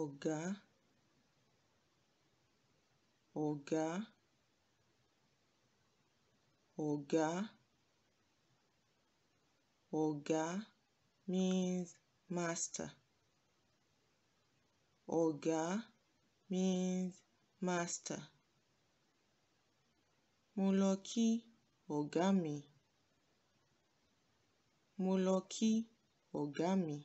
ọ̀gá ọ̀gá ọ̀gá ọ̀gá means master ọ̀gá means master mo lọ kí ọ̀gá mi mo lọ kí ọ̀gá mi.